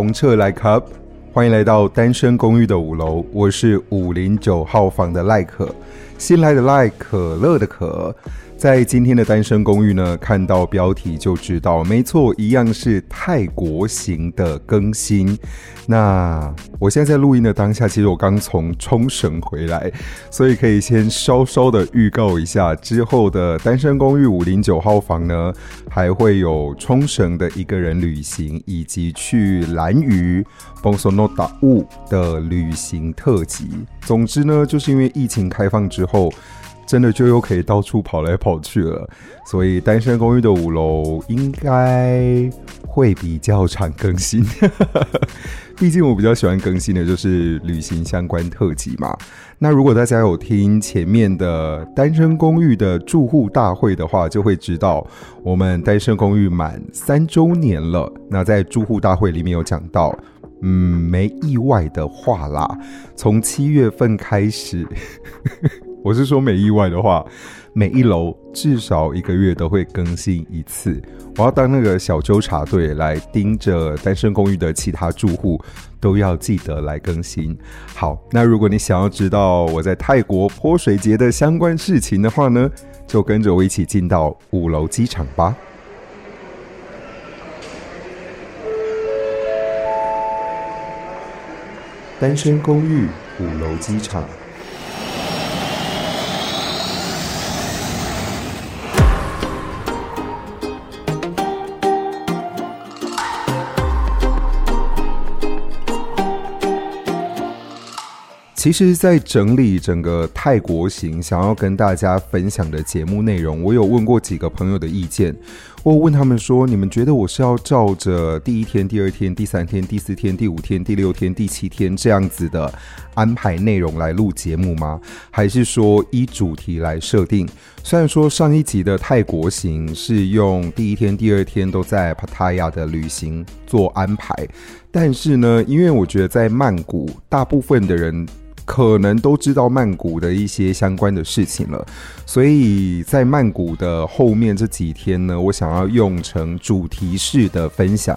紅徹賴可歡迎來到單身公寓的五樓，我是五零九號房的賴可，信賴的賴、like、可樂的可。在今天的《單聲公寓》呢，看到標題就知道，沒錯，一樣是泰國行的更新。那我現在在錄音的當下，其實我剛從沖繩回來，所以可以先稍稍的預告一下之後的《單聲公寓》五零九號房呢，還會有沖繩的一個人旅行，以及去蘭嶼 Bonsonota 的旅行特輯。總之呢，就是因為疫情開放之後。真的就又可以到處跑來跑去了，所以單身公寓的五樓應該會比較常更新。 畢竟我比較喜歡更新的就是旅行相關特輯嘛。那如果大家有聽前面的《單身公寓的住戶大會》的話，就會知道我們單身公寓滿三周年了。那在住戶大會裡面有講到，嗯，沒意外的話啦，從七月份開始。 我是說，沒意外的話，每一樓至少一個月都會更新一次。我要當那個小糾察隊來盯着單身公寓的其他住戶，都要記得來更新。好，那如果你想要知道我在泰國潑水節的相關事情的話呢，就跟着我一起進到五樓機場吧。單身公寓五樓機場。其實，在整理整個泰國行想要跟大家分享的節目內容，我有問過幾個朋友的意見。我問他們說：“你們覺得我是要照着第一天、第二天、第三天、第四天、第五天、第六天、第七天這樣子的安排內容來錄節目嗎？還是說以主題來設定？”雖然說上一集的泰國行是用第一天、第二天都在 Pattaya 的旅行做安排，但是呢，因為我覺得在曼谷大部分的人。可能都知道曼谷的一些相關的事情了，所以在曼谷的後面這幾天呢，我想要用成主題式的分享。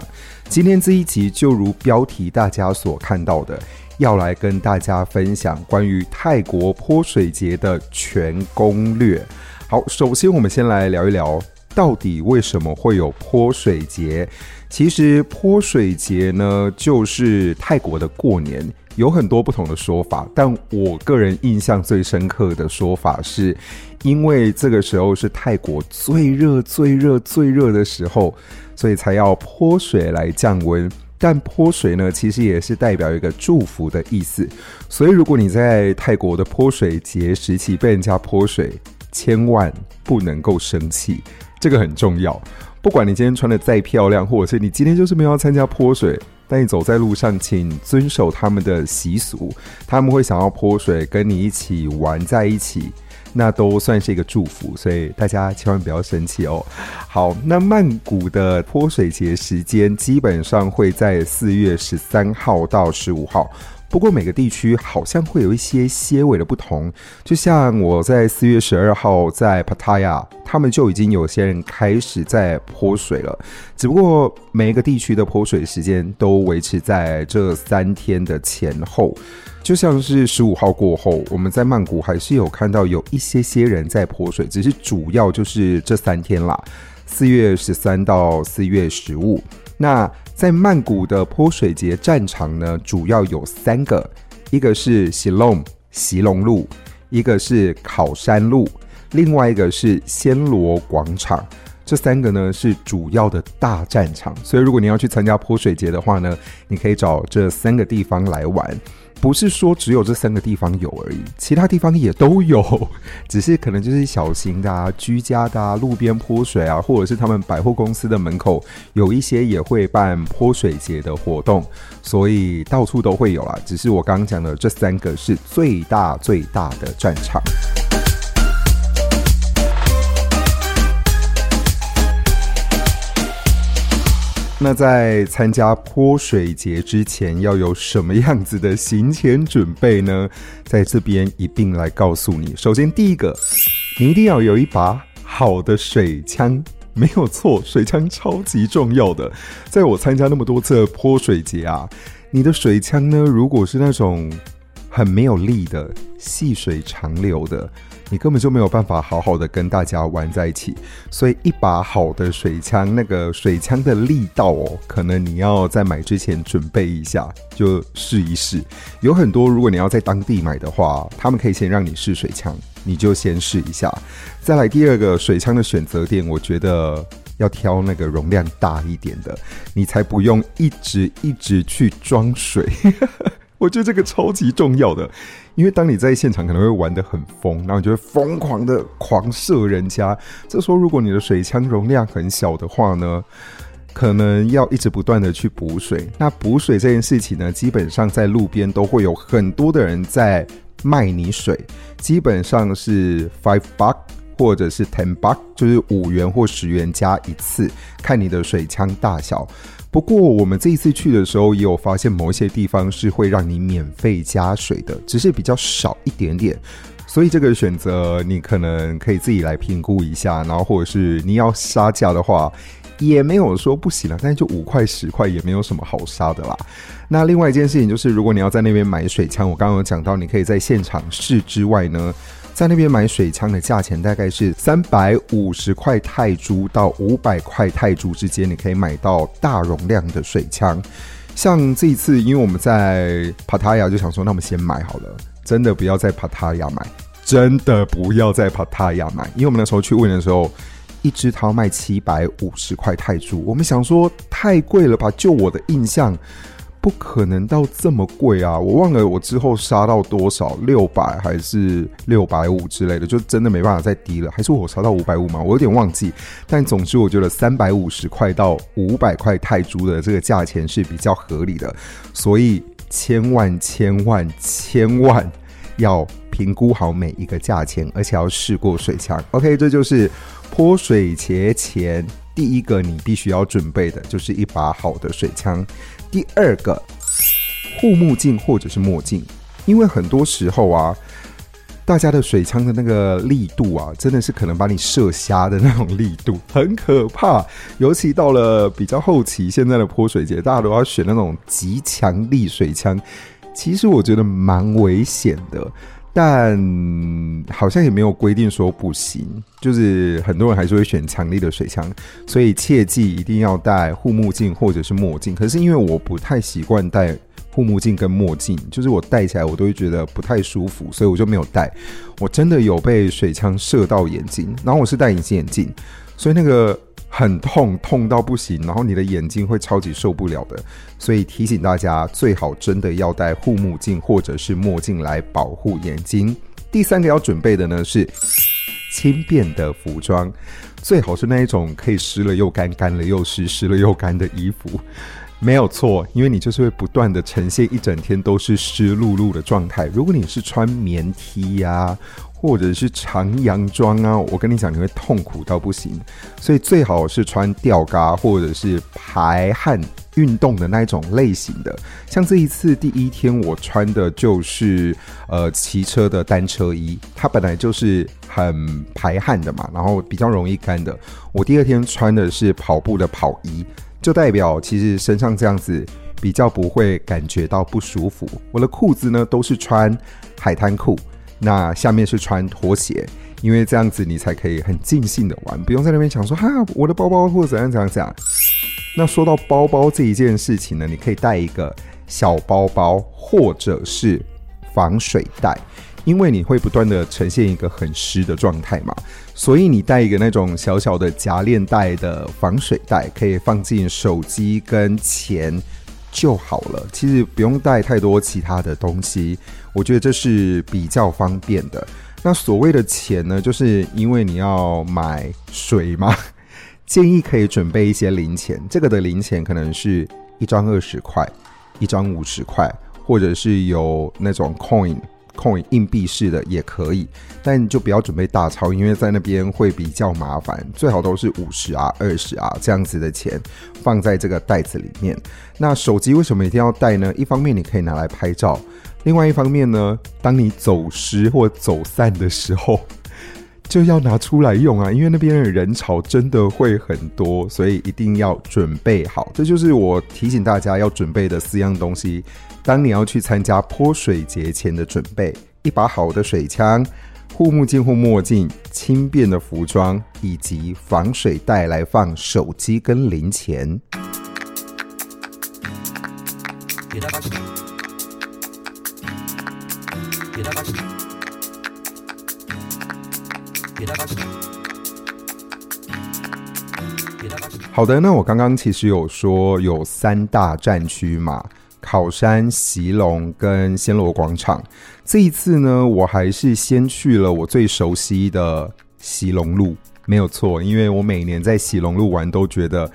今天這一集就如標題大家所看到的，要來跟大家分享關於泰國潑水節的全攻略。好，首先我們先來聊一聊，到底為什麼會有潑水節？其實潑水節呢，就是泰國的過年。有很多不同的說法，但我個人印象最深刻的說法是，因為這個時候是泰國最熱、最熱、最熱的時候，所以才要潑水來降溫。但潑水呢，其實也是代表一個祝福的意思。所以如果你在泰國的潑水節時期被人家潑水，千萬不能夠生氣，這個很重要。不管你今天穿得再漂亮，或者是你今天就是沒有參加潑水。但你走在路上，請遵守他們的習俗，他們會想要潑水跟你一起玩在一起，那都算是一個祝福，所以大家千萬不要生氣哦。好，那曼谷的潑水節時間基本上會在四月十三號到十五號。不過每個地區好像會有一些些微的不同，就像我在四月十二號在帕塔亞，他們就已經有些人開始在潑水了。只不過每個地區的潑水時間都維持在這三天的前後，就像是十五號過後，我們在曼谷還是有看到有一些些人在潑水，只是主要就是這三天啦，四月十三到四月十五。那在曼谷的潑水節戰場呢，主要有三個，一個是西隆，西隆路，一個是考山路，另外一個是暹羅廣場，這三個呢是主要的大戰場。所以如果你要去參加潑水節的話呢，你可以找這三個地方來玩。不是說只有這三個地方有而已，其他地方也都有，只是可能就是小型的啊、居家的啊、路邊潑水啊，或者是他們百貨公司的門口有一些也會辦潑水節的活動，所以到處都會有啦。只是我剛剛講的這三個是最大最大的戰場。那在參加潑水節之前要有什麼樣子的行前準備呢？在這邊一併來告訴你。首先，第一個，你一定要有一把好的水槍，沒有錯，水槍超級重要的。在我參加那麼多次的潑水節啊，你的水槍呢，如果是那種很沒有力的，細水長流的。你根本就沒有辦法好好的跟大家玩在一起，所以一把好的水槍，那個水槍的力道哦，可能你要在買之前準備一下，就試一試。有很多，如果你要在當地買的話，他們可以先讓你試水槍，你就先試一下。再來第二個水槍的選擇點，我覺得要挑那個容量大一點的，你才不用一直一直去裝水。 我覺得這個超級重要的，因為當你在現場可能會玩得很瘋，然後你就會瘋狂的狂射人家。這時候如果你的水槍容量很小的話呢，可能要一直不斷的去補水。那補水這件事情呢，基本上在路邊都會有很多的人在賣你水，基本上是 five buck 或者是 ten buck，就是五元或十元加一次，看你的水槍大小。不過我們這一次去的時候也有發現，某些地方是會讓你免費加水的，只是比較少一點點。所以這個選擇你可能可以自己來評估一下，然後或者是你要殺價的話，也沒有說不行了，但是就五塊十塊也沒有什麼好殺的啦。那另外一件事情就是，如果你要在那邊買水槍，我剛剛有講到，你可以在現場試之外呢。在那邊買水槍的價錢大概是三百五十塊泰銖到五百塊泰銖之間，你可以買到大容量的水槍。像這一次，因為我們在帕塔亞就想說，那我們先買好了，真的不要在帕塔亞買，真的不要在帕塔亞買，因為我們那時候去問的時候，一支它要賣七百五十塊泰銖，我們想說太貴了吧？就我的印象。不可能到這麼貴啊！我忘了我之後殺到多少，六百還是六百五之類的，就真的沒辦法再低了。還是我殺到五百五嗎？我有點忘記。但總之，我覺得三百五十塊到五百塊泰銖的這個價錢是比較合理的。所以，千萬千萬千萬要評估好每一個價錢，而且要試過水槍。OK，這就是潑水節前第一個你必須要準備的，就是一把好的水槍。第二個，護目鏡或者是墨鏡，因為很多時候啊，大家的水槍的那個力度啊，真的是可能把你射瞎的那種力度，很可怕。尤其到了比較後期，現在的潑水節，大家都要選那種極強力水槍，其實我覺得蠻危險的。但好像也沒有規定說不行，就是很多人還是會選強力的水槍，所以切記一定要戴護目鏡或者是墨鏡。可是因為我不太習慣戴護目鏡跟墨鏡，就是我戴起來我都會覺得不太舒服，所以我就沒有戴。我真的有被水槍射到眼睛，然後我是戴隱形眼鏡，所以那個。很痛，痛到不行，然後你的眼睛會超級受不了的，所以提醒大家，最好真的要戴護目鏡或者是墨鏡來保護眼睛。第三個要準備的呢，是輕便的服裝，最好是那一種可以濕了又乾，乾了又濕，濕了又乾的衣服。沒有錯，因為你就是會不斷的呈現一整天都是濕漉漉的狀態。如果你是穿棉 T 呀、啊，或者是長洋裝啊，我跟你講，你會痛苦到不行。所以最好是穿吊嘎或者是排汗運動的那一種類型的。像這一次第一天，我穿的就是呃騎車的單車衣，它本來就是很排汗的嘛，然後比較容易乾的。我第二天穿的是跑步的跑衣。就代表其實身上這樣子比較不會感覺到不舒服。我的褲子呢，都是穿海灘褲，那下面是穿拖鞋，因為這樣子你才可以很盡興的玩，不用在那邊想說哈、啊、我的包包或者怎樣怎樣子。那說到包包這一件事情呢，你可以帶一個小包包或者是防水袋。因為你會不斷的呈現一個很濕的狀態嘛，所以你帶一個那種小小的夾鏈袋的防水袋，可以放進手機跟錢就好了。其實不用帶太多其他的東西，我覺得這是比較方便的。那所謂的錢呢，就是因為你要買水嘛，建議可以準備一些零錢。這個的零錢可能是一張二十塊，一張五十塊，或者是有那種 coin。coin 硬幣式的也可以，但你就不要準備大鈔，因為在那邊會比較麻煩。最好都是五十啊、二十啊這樣子的錢放在這個袋子裡面。那手機為什麼一定要帶呢？一方面你可以拿來拍照，另外一方面呢，當你走失或走散的時候。就要拿出來用啊，因為那邊的人潮真的會很多，所以一定要準備好。這就是我提醒大家要準備的四樣東西，當你要去參加潑水節前的準備，一把好的水槍、護目鏡護目鏡、輕便的服裝以及防水袋來放手機跟零錢。好的，那我剛剛其實有說有三大戰區嘛，考山、席隆跟暹羅廣場。這一次呢，我還是先去了我最熟悉的席隆路。沒有錯，因為我每年在席隆路玩都覺得。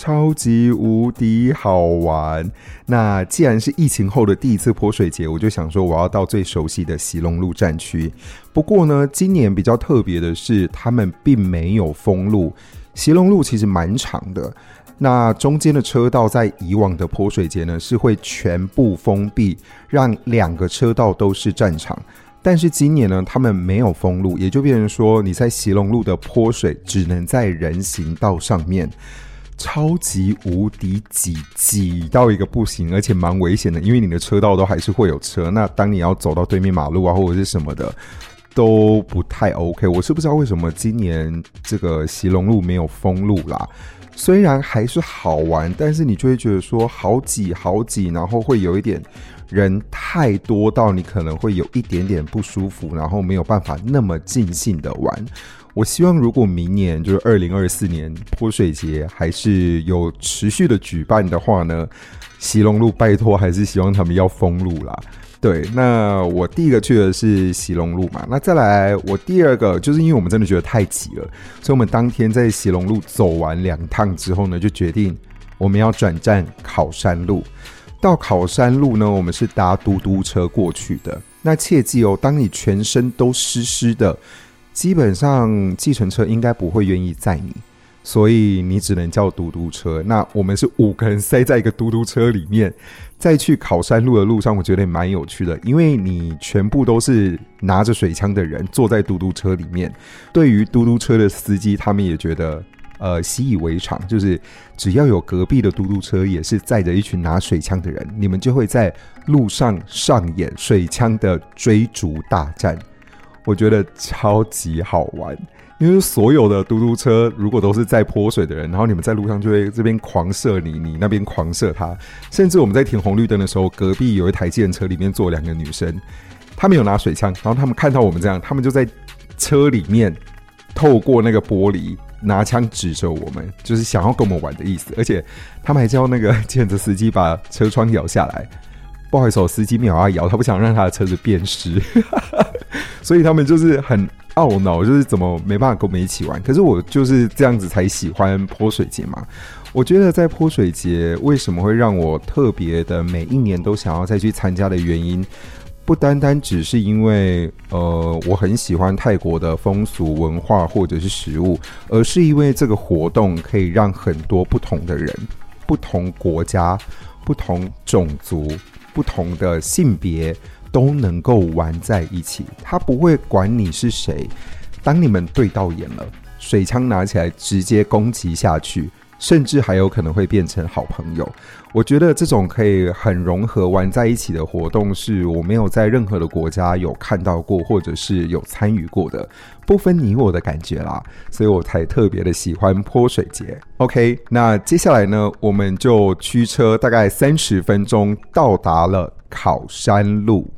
超級無敵好玩！那既然是疫情後的第一次潑水節，我就想說我要到最熟悉的席隆路戰區。不過呢，今年比較特別的是，他們並沒有封路。席隆路其實蠻長的，那中間的車道在以往的潑水節呢是會全部封閉，讓兩個車道都是戰場。但是今年呢，他們沒有封路，也就變成說你在席隆路的潑水只能在人行道上面。超級無敵擠，擠到一個不行，而且蠻危險的，因為你的車道都還是會有車。那當你要走到對面馬路啊，或者是什麼的，都不太 OK。我是不知道為什麼今年這個西龍路沒有封路啦。雖然還是好玩，但是你就會覺得說好擠好擠，然後會有一點人太多到你可能會有一點點不舒服，然後沒有辦法那麼盡興的玩。我希望，如果明年就是二零二四年潑水節還是有持續的舉辦的話呢，席隆路拜託，還是希望他們要封路啦。對，那我第一個去的是席隆路嘛，那再來我第二個就是因為我們真的覺得太擠了，所以我們當天在席隆路走完兩趟之後呢，就決定我們要轉戰考山路。到考山路呢，我們是搭嘟嘟車過去的。那切記哦，當你全身都濕濕的，基本上，計程車應該不會願意載你，所以你只能叫嘟嘟車。那我們是五個人塞在一個嘟嘟車裡面，在去考山路的路上，我覺得也蠻有趣的，因為你全部都是拿着水槍的人坐在嘟嘟車裡面。對於嘟嘟車的司機，他們也覺得呃習以為常，就是只要有隔壁的嘟嘟車也是載着一群拿水槍的人，你們就會在路上上演水槍的追逐大戰。我覺得超級好玩，因為所有的嘟嘟車如果都是在潑水的人，然後你們在路上就會這邊狂射你，你那邊狂射他，甚至我們在停紅綠燈的時候，隔壁有一台計程車裡面坐兩個女生，她沒有拿水槍，然後他們看到我們這樣，他們就在車裡面透過那個玻璃拿槍指着我們，就是想要跟我們玩的意思，而且他們還叫那個計程車司機把車窗搖下來。不好意思，我司機沒有要搖，他不想讓他的車子變濕， 所以他們就是很懊惱，就是怎麼沒辦法跟我們一起玩。可是我就是這樣子才喜歡潑水節嘛。我覺得在潑水節為什麼會讓我特別的每一年都想要再去參加的原因，不單單只是因為呃我很喜歡泰國的風俗文化或者是食物，而是因為這個活動可以讓很多不同的人、不同國家、不同種族。不同的性別都能夠玩在一起，他不會管你是誰，當你們對到眼了，水槍拿起來直接攻擊下去。甚至還有可能會變成好朋友，我覺得這種可以很融合玩在一起的活動，是我沒有在任何的國家有看到過，或者是有參與過的，不分你我的感覺啦，所以我才特別的喜歡潑水節。OK，那接下來呢，我們就驅車大概三十分鐘到達了考山路。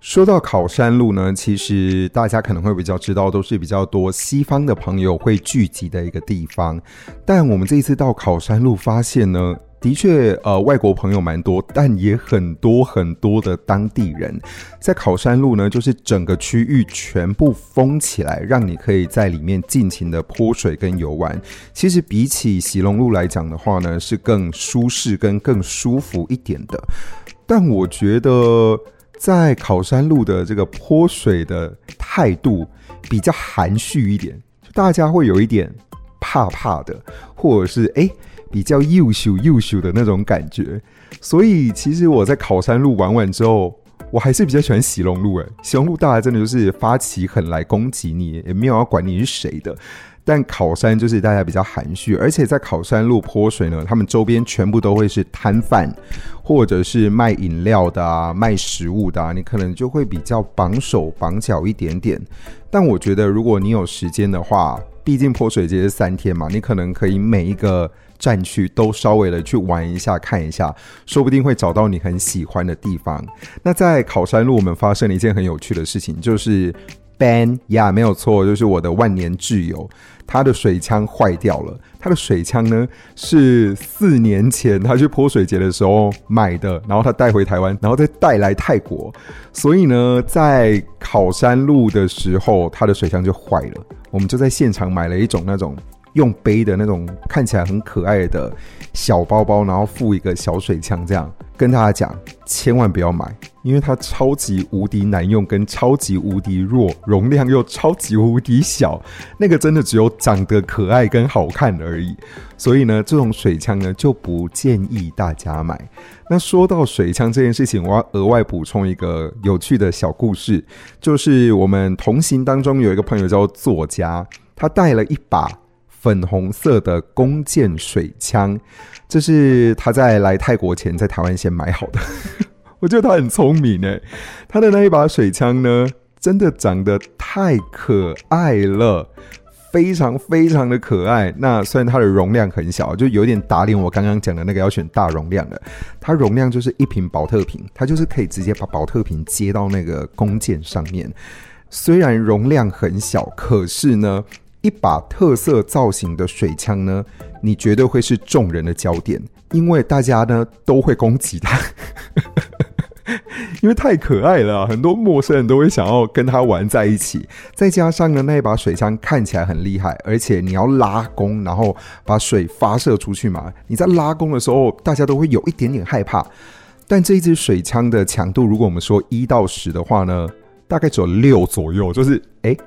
說到考山路呢，其實大家可能會比較知道，都是比較多西方的朋友會聚集的一個地方。但我們這一次到考山路發現呢，的確，呃，外國朋友蠻多，但也很多很多的當地人。在考山路呢，就是整個區域全部封起來，讓你可以在裡面盡情的潑水跟遊玩。其實比起席隆路來講的話呢，是更舒適跟更舒服一點的。但我覺得。在考山路的這個潑水的態度比較含蓄一點，就大家會有一點怕怕的，或者是誒、欸，比較又羞又羞的那種感覺。所以其實我在考山路玩完之後，我還是比較喜歡西隆路誒、欸，西隆路大家真的就是發起狠來攻擊你，也沒有要管你是誰的。但考山，就是大家比較含蓄，而且在考山路潑水呢，他們周邊全部都會是攤販，或者是賣飲料的啊，賣食物的啊，你可能就會比較綁手綁腳一點點。但我覺得，如果你有時間的話，畢竟潑水節是三天嘛，你可能可以每一個戰區都稍微的去玩一下、看一下，說不定會找到你很喜歡的地方。那在考山路，我們發生了一件很有趣的事情，就是。Ben 呀，yeah，沒有錯，就是我的萬年摯友。他的水槍壞掉了。他的水槍呢，是四年前他去潑水節的時候買的，然後他帶回台灣，然後再帶來泰國。所以呢，在考山路的時候，他的水槍就壞了。我們就在現場買了一種那種。用背的那種看起來很可愛的小包包，然後附一個小水槍，這樣跟大家講，千萬不要買，因為它超級無敵難用，跟超級無敵弱，容量又超級無敵小，那個真的只有長得可愛跟好看而已。所以呢，這種水槍呢就不建議大家買。那說到水槍這件事情，我要額外補充一個有趣的小故事，就是我們同行當中有一個朋友叫做作家，他帶了一把。粉紅色的弓箭水槍，這是他在來泰國前在台灣先買好的。 我覺得他很聰明誒，他的那一把水槍呢，真的長得太可愛了，非常非常的可愛。那雖然它的容量很小，就有點打臉我剛剛講的那個要選大容量的，它容量就是一瓶寶特瓶，它就是可以直接把寶特瓶接到那個弓箭上面。雖然容量很小，可是呢，一把特色造型的水槍呢，你絕對會是眾人的焦點，因為大家呢都會攻擊它， 因為太可愛了，很多陌生人都會想要跟它玩在一起。再加上呢，那一把水槍看起來很厲害，而且你要拉弓，然後把水發射出去嘛。你在拉弓的時候，大家都會有一點點害怕。但這一支水槍的強度，如果我們說一到十的話呢，大概只有六左右，就是哎，欸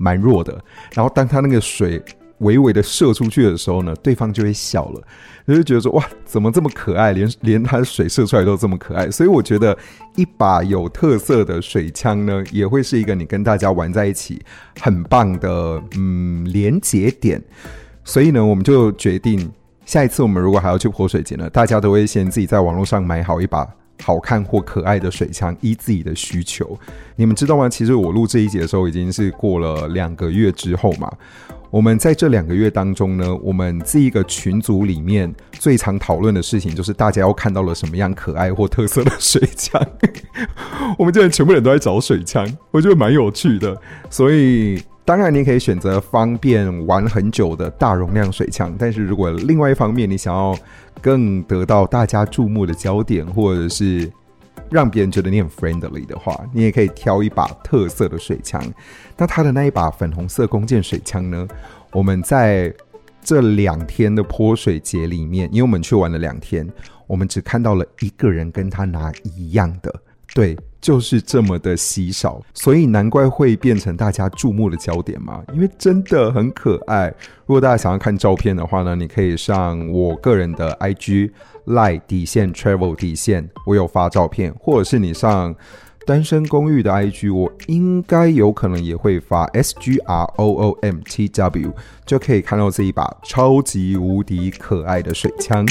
蠻弱的，然後當他那個水微微的射出去的時候呢，對方就會笑了，就會覺得說，哇，怎麼這麼可愛，連連他的水射出來都這麼可愛，所以我覺得一把有特色的水槍呢，也會是一個你跟大家玩在一起很棒的嗯連接點，所以呢，我們就決定下一次我們如果還要去潑水節呢，大家都會先自己在網絡上買好一把。好看或可愛的水槍，依自己的需求，你們知道嗎？其實我錄這一集的時候，已經是過了兩個月之後嘛。我們在這兩個月當中呢，我們這一個群組裡面最常討論的事情，就是大家要看到了什麼樣可愛或特色的水槍。 我們竟然全部人都在找水槍，我覺得蠻有趣的，所以。當然，你可以選擇方便玩很久的大容量水槍，但是如果另外一方面你想要更得到大家注目的焦點，或者是讓別人覺得你很 friendly 的話，你也可以挑一把特色的水槍。那他的那一把粉紅色弓箭水槍呢，我們在這兩天的潑水節裡面，因為我們去玩了兩天，我們只看到了一個人跟他拿一樣的。對，就是這麼的稀少，所以難怪會變成大家注目的焦點嘛，因為真的很可愛。如果大家想要看照片的話呢，你可以上我個人的 IG，lai 底線 travel 底線，我有發照片；或者是你上單聲公寓的 IG，我應該有可能也會發 s g r o o m t w，就可以看到這一把超級無敵可愛的水槍。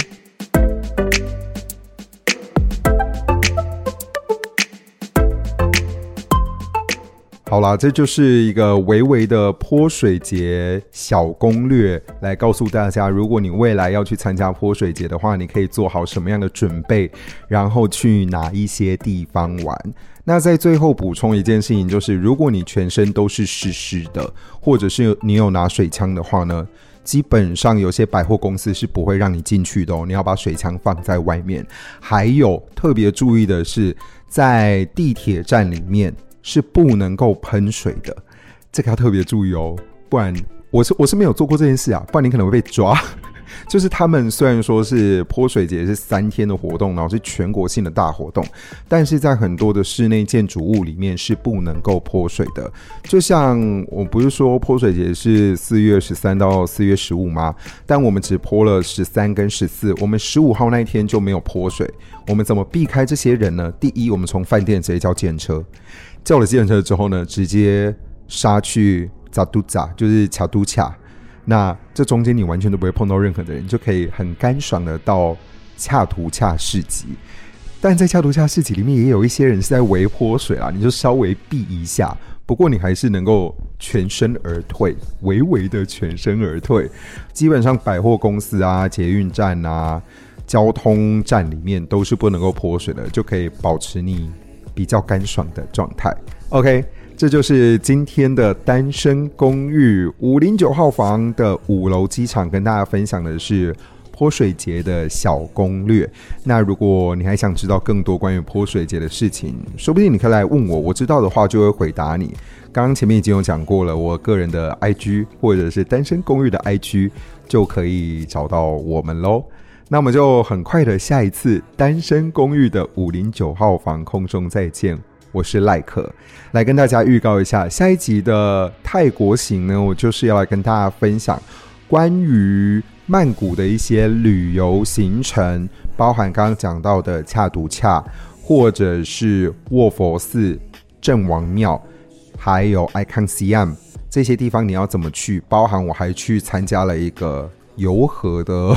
好啦，這就是一個微微的潑水節小攻略，來告訴大家，如果你未來要去參加潑水節的話，你可以做好什麼樣的準備，然後去哪一些地方玩。那在最後補充一件事情，就是如果你全身都是濕濕的，或者是你有拿水槍的話呢，基本上有些百貨公司是不會讓你進去的哦，你要把水槍放在外面。還有特別注意的是，在地鐵站裡面。是不能夠噴水的，這個要特別注意哦，不然我是我是沒有做過這件事啊，不然你可能會被抓。就是他們雖然說是潑水節是三天的活動，然後是全國性的大活動，但是在很多的室內建築物裡面是不能夠潑水的。就像我不是說潑水節是四月十三到四月十五嗎？但我們只潑了十三跟十四，我們十五號那一天就沒有潑水。我們怎麼避開這些人呢？第一，我們從飯店直接叫建車。叫了計程車之後呢，直接殺去扎都扎，就是恰都恰、恰。那這中間你完全都不會碰到任何的人，就可以很乾爽的到恰圖恰市集。但在恰圖恰市集裡面也有一些人是在圍潑水啦，你就稍微避一下。不過你還是能夠全身而退，微微的全身而退。基本上百貨公司啊、捷運站啊、交通站裡面都是不能夠潑水的，就可以保持你。比較乾爽的狀態。OK，這就是今天的單聲公寓五零九號房的五樓機場，跟大家分享的是潑水節的小攻略。那如果你還想知道更多關於潑水節的事情，說不定你可以來問我，我知道的話就會回答你。剛剛前面已經有講過了，我個人的 IG 或者是單聲公寓的 IG 就可以找到我們嘍。那我們就很快的下一次《單身公寓》的五零九號房空中再見，我是賴克，來跟大家預告一下，下一集的泰國行呢，我就是要來跟大家分享關於曼谷的一些旅遊行程，包含剛剛講到的恰都恰，或者是臥佛寺、鎮王廟，還有 icon 西 m 這些地方你要怎麼去？包含我還去參加了一個遊河的。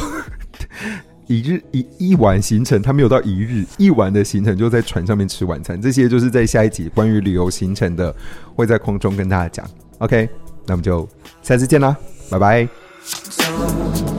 一日一一晚行程，他沒有到一日一晚的行程，就在船上面吃晚餐。這些就是在下一集關於旅遊行程的，會在空中跟大家講。OK，那我們就下次見啦，拜拜。